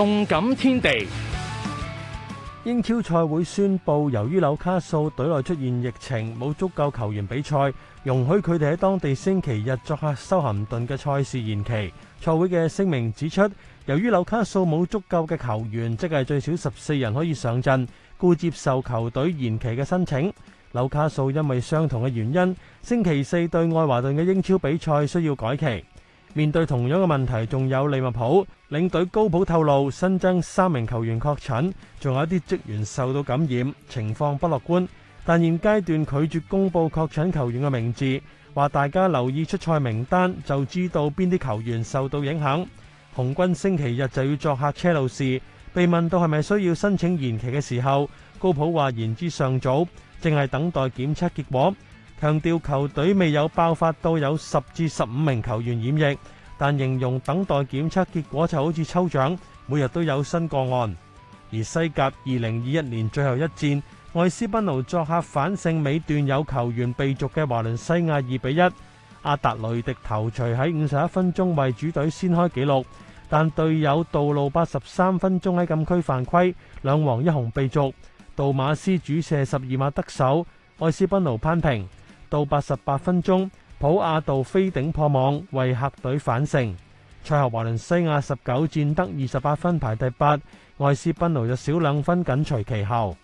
動感天地，英超賽會宣布，由於紐卡素隊內出現疫情，冇足夠球員比賽，容許佢哋喺當地星期日作客修咸頓嘅賽事延期。賽會嘅聲明指出，由於紐卡素冇足夠嘅球員，即係最少十四人可以上陣，故接受球隊延期嘅申請。紐卡素因為相同嘅原因，星期四對愛華頓嘅英超比賽需要改期。面對同樣嘅問題，仲有利物浦，領隊高普透露，新增三名球員確診，仲有一啲職員受到感染，情況不樂觀。但現階段拒絕公布確診球員嘅名字，話大家留意出賽名單，就知道邊啲球員受到影響。紅軍星期日就要作客車路士，被問到係咪需要申請延期嘅時候，高普話言之尚早，淨係等待檢測結果。強調球隊未有爆發到有十至十五名球員染疫，但形容等待檢測結果就好似抽獎，每日都有新個案。而西甲二零二一年最後一戰，愛斯賓奴作客反勝尾段有球員被逐嘅華倫西亞二比一。阿達雷迪頭槌喺五十一分鐘為主隊先開紀錄，但隊友道路八十三分鐘喺禁區犯規，兩黃一紅被逐。杜馬斯主射十二碼得手，愛斯賓奴攀平。到八十八分鐘，普亞道飛頂破網，為客隊反勝。賽後華倫西亞十九戰得二十八分排第八，愛斯賓奴就少兩分緊隨其後。